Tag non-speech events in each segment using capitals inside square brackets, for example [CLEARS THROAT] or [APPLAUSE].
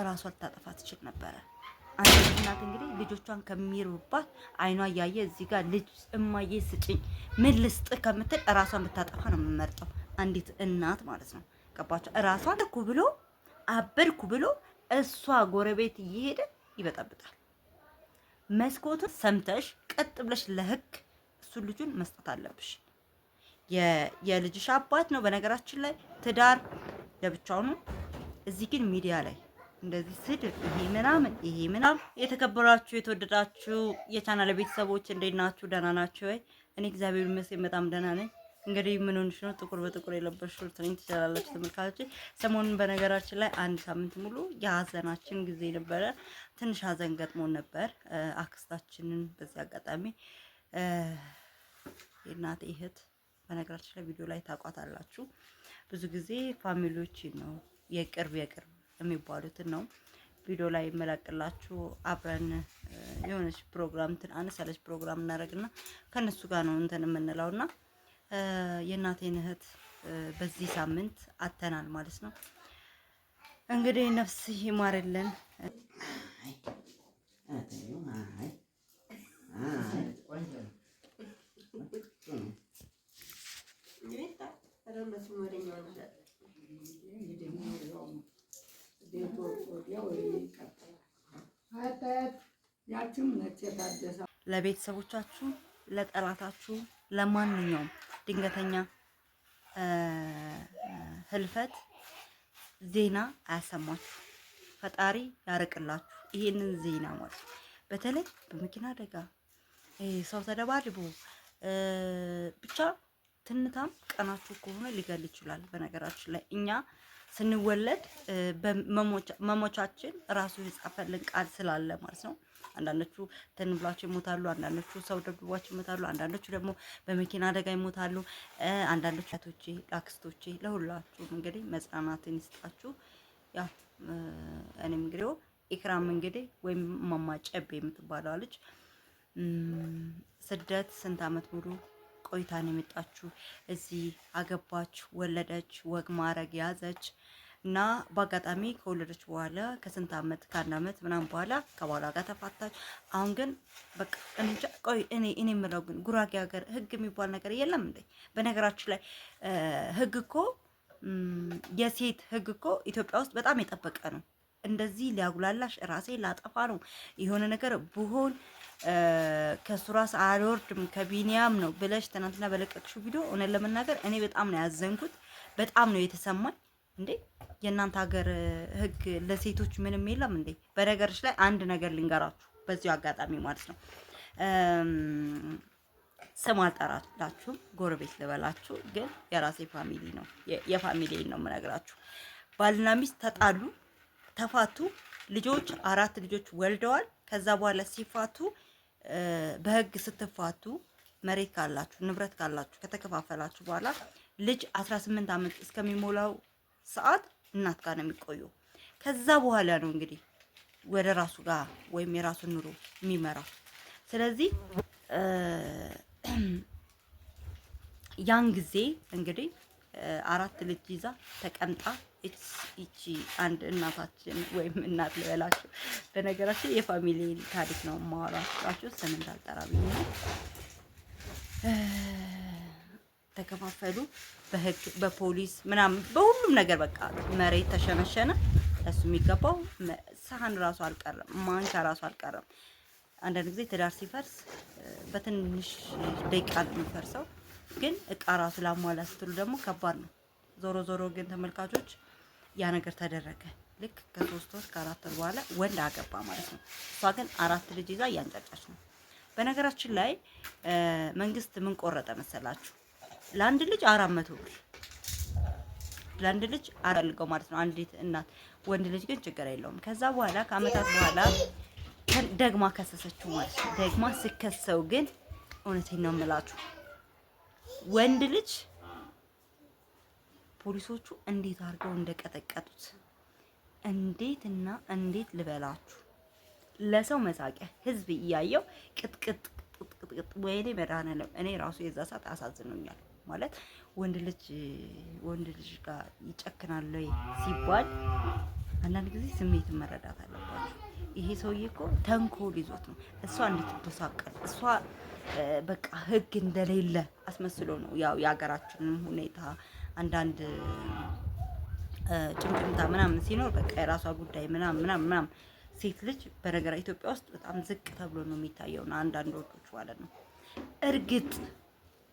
እራሷ ልታጠፋ ትችል ነበረ። አንድ እናት እንግዲህ ልጆቿን ከሚሩባት አይኗ እያየ እዚህ ጋር ልጅ እማዬ ስጭኝ ምን ልስጥ ከምትል እራሷን ብታጠፋ ነው የምመርጠው። አንዲት እናት ማለት ነው። ገባቸው? እራሷን ኩ ብሎ አበድኩ ብሎ እሷ ጎረቤት እየሄደ ይበጠብጣል። መስኮቱን ሰምተሽ ቀጥ ብለሽ ለህግ እሱን ልጁን መስጠት አለብሽ። የልጅሽ አባት ነው። በነገራችን ላይ ትዳር ለብቻው ነው። እዚህ ግን ሚዲያ ላይ እንደዚህ ስድብ ይሄ ምናምን ይሄ ምናምን። የተከበራችሁ የተወደዳችሁ የቻናል ቤተሰቦች እንዴት ናችሁ? ደህና ናችሁ ወይ? እኔ እግዚአብሔር ይመስገን በጣም ደህና ነኝ። እንግዲህ ምን ሆንሽ ነው ጥቁር በጥቁር የለበሽ ትንኝ ትችላላችሁ ተመልካቾች። ሰሞኑን በነገራችን ላይ አንድ ሳምንት ሙሉ የሀዘናችን ጊዜ ነበረ። ትንሽ ሀዘን ገጥሞን ነበር። አክስታችንን በዚህ አጋጣሚ የእናቴ እህት በነገራችን ላይ ቪዲዮ ላይ ታውቋታላችሁ። ብዙ ጊዜ ፋሚሊዎች ነው የቅርብ የቅርብ የሚባሉትን ነው ቪዲዮ ላይ መላቅላችሁ አብረን የሆነች ፕሮግራም እንትን አነስ ያለች ፕሮግራም እናደርግና ከነሱ ጋር ነው እንትን የምንለውና የእናቴን እህት በዚህ ሳምንት አተናል ማለት ነው። እንግዲህ ነፍስ ይማርልን። አይ ሁላችሁም ነጭ የታደሰ ለቤተሰቦቻችሁ፣ ለጠላታችሁ፣ ለማንኛውም ድንገተኛ ህልፈት ዜና አያሰማችሁ፣ ፈጣሪ ያርቅላችሁ። ይሄንን ዜና ማለት በተለይ በመኪና አደጋ ሰው ተደባድቦ ብቻ ትንታም ቀናችሁ ከሆነ ሊገል ይችላል። በነገራችን ላይ እኛ ስንወለድ መሞቻችን ራሱ የጻፈልን ቃል ስላለ ማለት ነው። አንዳንዶቹ ትንብላቸው ይሞታሉ፣ አንዳንዶቹ ሰው ደብድቧቸው ይሞታሉ፣ አንዳንዶቹ ደግሞ በመኪና አደጋ ይሞታሉ። አንዳንዶቹ አያቶቼ፣ አክስቶቼ ለሁላችሁም እንግዲህ መጽናናትን ይስጣችሁ። ያው እኔም እንግዲህ ኢክራም እንግዲህ ወይም ማማ ጨቤ ስደት ስንት አመት ሙሉ ቆይታን የመጣችሁ እዚህ አገባች፣ ወለደች፣ ወግ ማረግ ያዘች እና በአጋጣሚ ከወለደች በኋላ ከስንት አመት ከአንድ አመት ምናምን በኋላ ከባሏ ጋር ተፋታች። አሁን ግን በቃ ቆይ እኔ እኔ የምለው ግን ጉራጌ ሀገር ህግ የሚባል ነገር የለም እንዴ? በነገራችን ላይ ህግ እኮ የሴት ህግ እኮ ኢትዮጵያ ውስጥ በጣም የጠበቀ ነው። እንደዚህ ሊያጉላላሽ ራሴ ላጠፋ ነው የሆነ ነገር ብሆን ከሱራስ ራስ አልወርድም ከቢኒያም ነው ብለሽ ትናንትና በለቀቅሽው ቪዲዮ እውነት ለመናገር እኔ በጣም ነው ያዘንኩት። በጣም ነው የተሰማኝ። እንዴ የእናንተ ሀገር ህግ ለሴቶች ምንም የለም እንዴ? በነገርሽ ላይ አንድ ነገር ልንገራችሁ በዚሁ አጋጣሚ ማለት ነው። ስም አልጠራላችሁም፣ ጎረቤት ልበላችሁ፣ ግን የራሴ ፋሚሊ ነው የፋሚሊ ነው የምነግራችሁ። ባልና ሚስት ተጣሉ። ተፋቱ። ልጆች አራት ልጆች ወልደዋል። ከዛ በኋላ ሲፋቱ በህግ ስትፋቱ መሬት ካላችሁ ንብረት ካላችሁ ከተከፋፈላችሁ በኋላ ልጅ 18 ዓመት እስከሚሞላው ሰዓት እናት ጋር ነው የሚቆየው። ከዛ በኋላ ነው እንግዲህ ወደ ራሱ ጋር ወይም የራሱን ኑሮ የሚመራው። ስለዚህ [CLEARS THROAT] ያን ጊዜ እንግዲህ አራት ልጅ ይዛ ተቀምጣ ይቺ አንድ እናታችን ወይም እናት ልበላችሁ። በነገራችን የፋሚሊ ታሪክ ነው ማወራችሁ ስም እንዳልጠራ ብዬ ነው። ተከፋፈሉ በህግ በፖሊስ ምናምን በሁሉም ነገር በቃ መሬት ተሸነሸነ። እሱ የሚገባው ሳህን ራሱ አልቀረም፣ ማንኪያ ራሱ አልቀረም። አንዳንድ ጊዜ ትዳር ሲፈርስ በትንሽ ደቂቃ ነው የሚፈርሰው። ግን እቃ ራሱ ላሟላ ስትሉ ደግሞ ከባድ ነው። ዞሮ ዞሮ ግን ተመልካቾች ያ ነገር ተደረገ። ልክ ከሶስት ወር ከአራት ወር በኋላ ወንድ አገባ ማለት ነው። እሷ ግን አራት ልጅ ይዛ እያንጫጫች ነው። በነገራችን ላይ መንግስት ምን ቆረጠ መሰላችሁ? ለአንድ ልጅ አራት መቶ ብር ለአንድ ልጅ አልፈልገው ማለት ነው። አንዲት እናት ወንድ ልጅ ግን ችግር የለውም። ከዛ በኋላ ከአመታት በኋላ ደግማ ከሰሰችው ማለት ነው። ደግማ ስከሰው ግን እውነቴን ነው የምላችሁ ወንድ ልጅ ፖሊሶቹ እንዴት አድርገው እንደቀጠቀጡት እንዴት እና እንዴት ልበላችሁ። ለሰው መሳቂያ ህዝብ እያየው ቅጥቅጥ ቅጥቅጥ፣ ወይኔ መድኃኒዓለም እኔ ራሱ የዛ ሰዓት አሳዝኖኛል። ማለት ወንድ ልጅ ወንድ ልጅ ጋር ይጨክናል ወይ ሲባል አንዳንድ ጊዜ ስሜት መረዳት አለባቸው። ይሄ ሰውዬ እኮ ተንኮል ይዞት ነው እሷ እንድትበሳቀል እሷ በቃ ህግ እንደሌለ አስመስሎ ነው ያው የሀገራችንም ሁኔታ አንዳንድ ጭምጭምታ ምናምን ሲኖር በቃ የራሷ ጉዳይ ምናምን ምናምን ምናምን። ሴት ልጅ በነገር ኢትዮጵያ ውስጥ በጣም ዝቅ ተብሎ ነው የሚታየው ነው አንዳንድ ወንዶች ማለት ነው። እርግጥ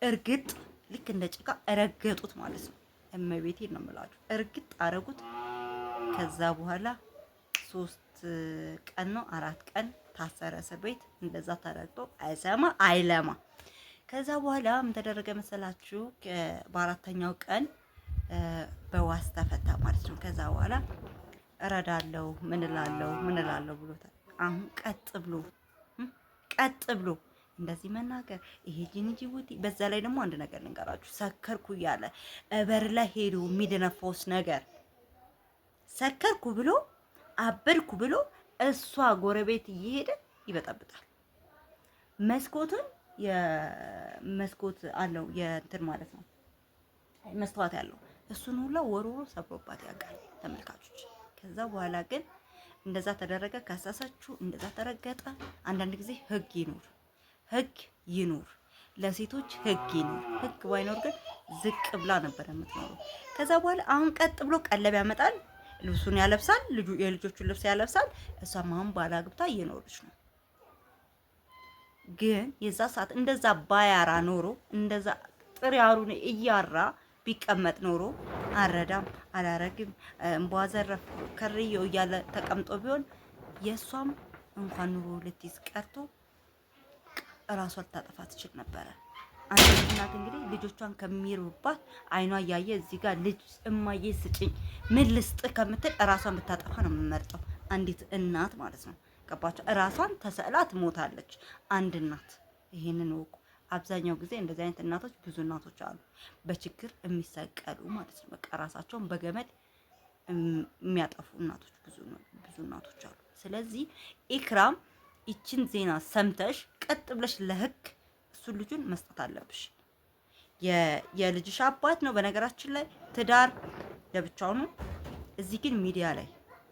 እርግጥ ልክ እንደ ጭቃ ረገጡት ማለት ነው። እመቤቴ ነው የምላችሁ። እርግጥ አረጉት። ከዛ በኋላ ሶስት አራት ቀን ነው አራት ቀን ታሰረ እስር ቤት። እንደዛ ተረግጦ አይሰማ አይለማ። ከዛ በኋላ ምን ተደረገ መሰላችሁ? በአራተኛው ቀን በዋስ ተፈታ ማለት ነው። ከዛ በኋላ እረዳለሁ ምን እላለሁ ምን እላለሁ ብሎታል። አሁን ቀጥ ብሎ ቀጥ ብሎ እንደዚህ መናገር ይሄ ጂኒ ጅቡቲ። በዛ ላይ ደግሞ አንድ ነገር ልንገራችሁ። ሰከርኩ እያለ በር ላይ ሄዱ የሚደነፋውስ ነገር ሰከርኩ ብሎ አበድኩ ብሎ እሷ ጎረቤት እየሄደ ይበጣብጣል። መስኮትን የመስኮት አለው የእንትን ማለት ነው መስተዋት ያለው እሱን ሁላ ወርውሮ ሰብሮባት ያውቃል ተመልካቾች። ከዛ በኋላ ግን እንደዛ ተደረገ፣ ከሳሳችሁ፣ እንደዛ ተረገጠ። አንዳንድ ጊዜ ህግ ይኑር፣ ህግ ይኑር፣ ለሴቶች ህግ ይኑር። ህግ ባይኖር ግን ዝቅ ብላ ነበር የምትኖረው። ከዛ በኋላ አሁን ቀጥ ብሎ ቀለብ ያመጣል። ልብሱን ያለብሳል፣ ልጁ የልጆቹን ልብስ ያለብሳል። እሷም አሁን ባላግብታ እየኖረች ነው። ግን የዛ ሰዓት እንደዛ ባያራ ኖሮ እንደዛ ጥሪያሩን እያራ ቢቀመጥ ኖሮ አረዳም አላረግም እንቧ ከርየው እያለ ተቀምጦ ቢሆን የእሷም እንኳን ኑሮ ልትይዝ ቀርቶ እራሷ ልታጠፋ ትችል ነበረ። አንዲት እናት እንግዲህ ልጆቿን ከሚርቡባት አይኗ እያየ እዚህ ጋር ልጅ እማዬ ስጭኝ ምን ልስጥ ከምትል እራሷን ብታጠፋ ነው የምመርጠው። አንዲት እናት ማለት ነው። ገባቸው? እራሷን ተሰዕላ ትሞታለች አንድ እናት። ይህንን ወቁ። አብዛኛው ጊዜ እንደዚህ አይነት እናቶች ብዙ እናቶች አሉ፣ በችግር የሚሰቀሉ ማለት ነው። በቃ ራሳቸውን በገመድ የሚያጠፉ እናቶች ብዙ እናቶች አሉ። ስለዚህ ኢክራም ይችን ዜና ሰምተሽ ቀጥ ብለሽ ለህግ እሱን ልጁን መስጠት አለብሽ። የልጅሽ አባት ነው። በነገራችን ላይ ትዳር ለብቻው ነው። እዚህ ግን ሚዲያ ላይ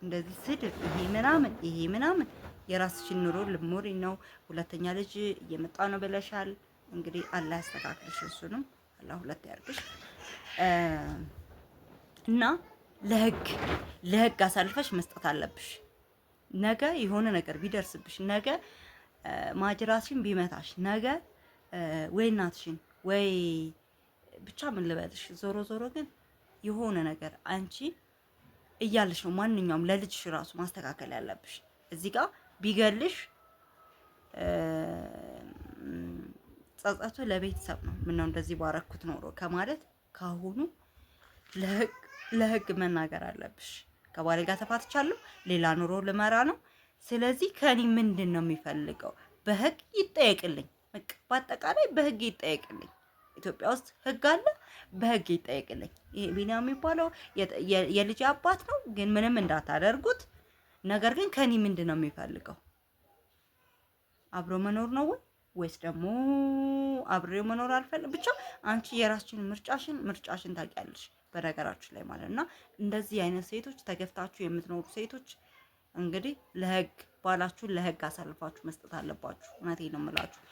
እንደዚህ ስድብ፣ ይሄ ምናምን፣ ይሄ ምናምን የራስሽን ኑሮ ልሞሪ ነው። ሁለተኛ ልጅ እየመጣ ነው ብለሻል። እንግዲህ አላህ ያስተካክልሽ፣ እሱንም አላህ ሁለት ያርግሽ እና ለህግ ለህግ አሳልፈሽ መስጠት አለብሽ። ነገ የሆነ ነገር ቢደርስብሽ፣ ነገ ማጅራሽን ቢመታሽ፣ ነገ ወይ እናትሽን ወይ ብቻ ምን ልበልሽ። ዞሮ ዞሮ ግን የሆነ ነገር አንቺ እያልሽ ነው ማንኛውም ለልጅሽ ራሱ ማስተካከል ያለብሽ። እዚህ ጋር ቢገልሽ ጸጸቱ ለቤተሰብ ነው። ምነው እንደዚህ ባረኩት ኖሮ ከማለት ካሁኑ ለህግ መናገር አለብሽ። ከባሌ ጋር ተፋትቻለሁ፣ ሌላ ኑሮ ልመራ ነው። ስለዚህ ከኔ ምንድን ነው የሚፈልገው? በህግ ይጠየቅልኝ። በቃ በአጠቃላይ በህግ ይጠየቅልኝ። ኢትዮጵያ ውስጥ ህግ አለ፣ በህግ ይጠየቅልኝ። ይሄ ቢኒያም የሚባለው የልጅ አባት ነው፣ ግን ምንም እንዳታደርጉት። ነገር ግን ከኔ ምንድን ነው የሚፈልገው? አብሮ መኖር ነው ወይ ወይስ ደግሞ አብሬ መኖር አልፈልግም። ብቻ አንቺ የራስሽን ምርጫሽን ምርጫሽን ታውቂያለሽ፣ በነገራችሁ ላይ ማለት እና እንደዚህ አይነት ሴቶች ተገፍታችሁ የምትኖሩ ሴቶች እንግዲህ ለህግ ባላችሁ ለህግ አሳልፋችሁ መስጠት አለባችሁ። እውነቴን ነው የምላችሁ።